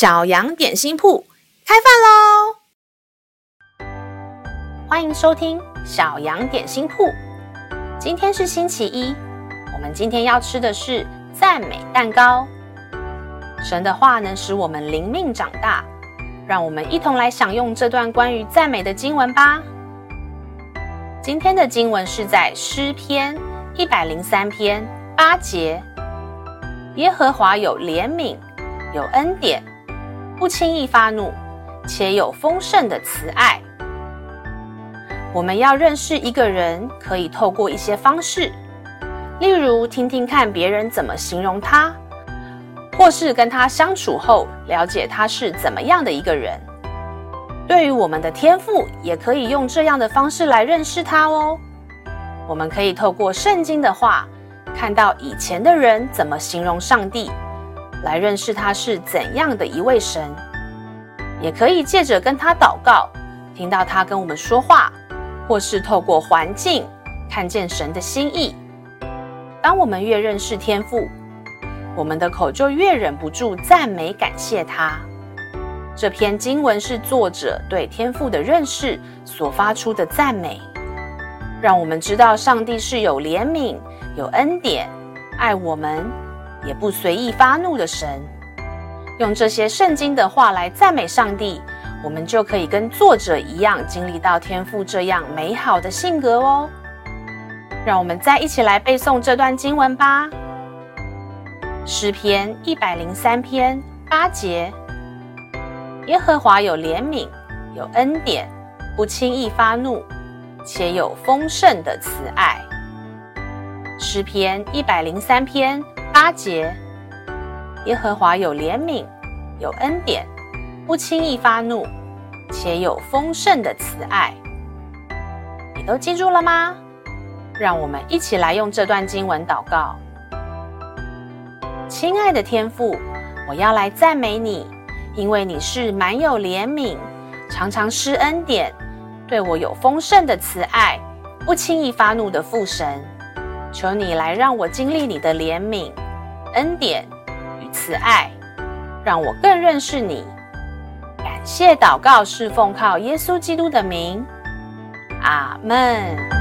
小羊點心鋪開飯嘍！歡迎收聽小羊點心鋪。今天是星期一，我們今天要吃的是讚美蛋糕。神的話能使我們靈命長大，讓我們一同來享用這段關於讚美的經文吧。今天的經文是在詩篇一百零三篇八節：耶和華有憐憫，有恩典。不輕易發怒，且有豐盛的慈愛。我們要認識一個人，可以透過一些方式，例如聽聽看別人怎麼形容他，或是跟他相處後，了解他是怎麼樣的一個人。對於我們的天父，也可以用這樣的方式來認識他哦。我們可以透過聖經的話，看到以前的人怎麼形容上帝。來認識他是怎樣的一位神，也可以借着跟他禱告，聽到他跟我們說話，或是透過環境看見神的心意。當我們越認識天父，我們的口就越忍不住讚美感謝他。這篇經文是作者對天父的認識所發出的讚美，讓我們知道上帝是有憐憫、有恩典、愛我們也不隨意發怒的神，用這些聖經的話來讚美上帝，我們就可以跟作者一樣，經歷到天父這樣美好的性格哦。讓我們再一起來背誦這段經文吧。詩篇一百零三篇八節：耶和華有憐憫，有恩典，不輕易發怒，且有豐盛的慈愛。詩篇一百零三篇。八節，耶和華有憐憫，有恩典，不輕易發怒，且有豐盛的慈愛。你都記住了嗎？讓我們一起來用這段經文禱告。親愛的天父，我要來讚美你，因為你是滿有憐憫，常常施恩典，對我有豐盛的慈愛，不輕易發怒的父神。求你來讓我經歷你的憐憫。恩典與慈愛，讓我更認識你。感謝禱告，是奉靠耶穌基督的名。阿門。